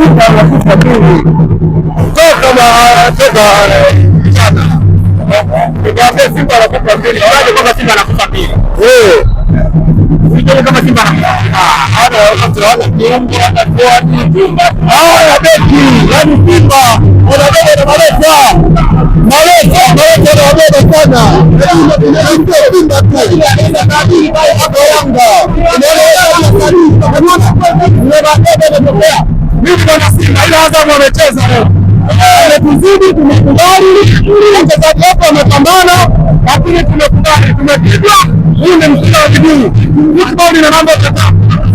sita na sita mbili toka toka jana nikaambia Simba anakupa mbili, waje kwamba Simba anakupa mbili eh, sijui kama Simba ana ah, hata wana kiungo hata kwani hao ya beki, yani Simba wanabeba na maleta maleta maleta na wabeba sana, ndio Simba tu ina ina tabia mbaya hapa Yanga inaona imetokea nipo na Simba, ila Azam wamecheza leo, Tumekubali wachezaji wetu wamepambana, lakini tumekubali, tumepigwa. Huu ni mpira wa miguu, football ina namba kadhaa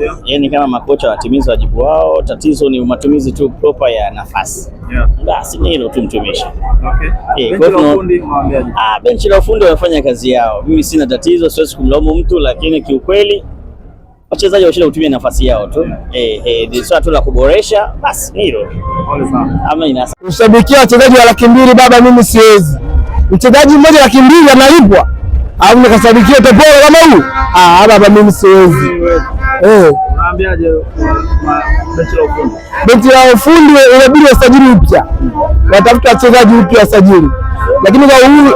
yeah. Yani kama makocha watimiza wajibu wao, tatizo ni matumizi tu propa ya nafasi yeah. Basi ni hilo tu mtumishi. Okay. E, benchi la ufundi wanafanya kazi yao, mimi sina tatizo, siwezi kumlaumu mtu, lakini kiukweli wachezaji washinde kutumia nafasi yao tu yeah. Eh, e, ni swala tu la kuboresha, basi ni hilo. Amina. Ushabikia wachezaji wa laki mbili baba, mimi siwezi. Mchezaji mmoja laki mbili analipwa au nikashabikia topolo kama huyu? Ah, baba mimi siwezi eh, unaambiaje benchi la ufundi inabidi wasajili upya, watafuta wachezaji upya wasajili, lakini kwa huyu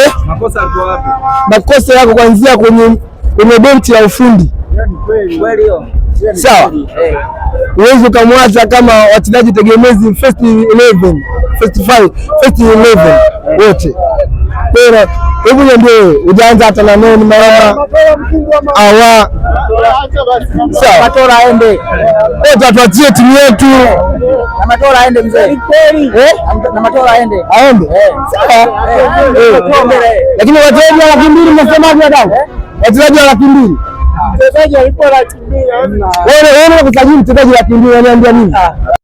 eh, makosa yako wapi? Makosa yako kuanzia kwenye kwenye benchi la ufundi sawa. Eh. Uwezi ukamwacha kama wachezaji tegemezi first 11 first 5 first 11 wote kwa Hebu niambie ujaanza hata na nini mama? awa sawa. Matora aende Eh, tatuachie timu yetu na Matora aende mzee, Eh? na Matora aende aende eh, sawa, eh, eh, lakini wachezaji wa laki mbili mnasemaje? Wadau, wachezaji wa laki mbili mchezaji alikuwa laki mbili, wewe wewe unakusajili mchezaji laki mbili, unaniambia nini? Ah.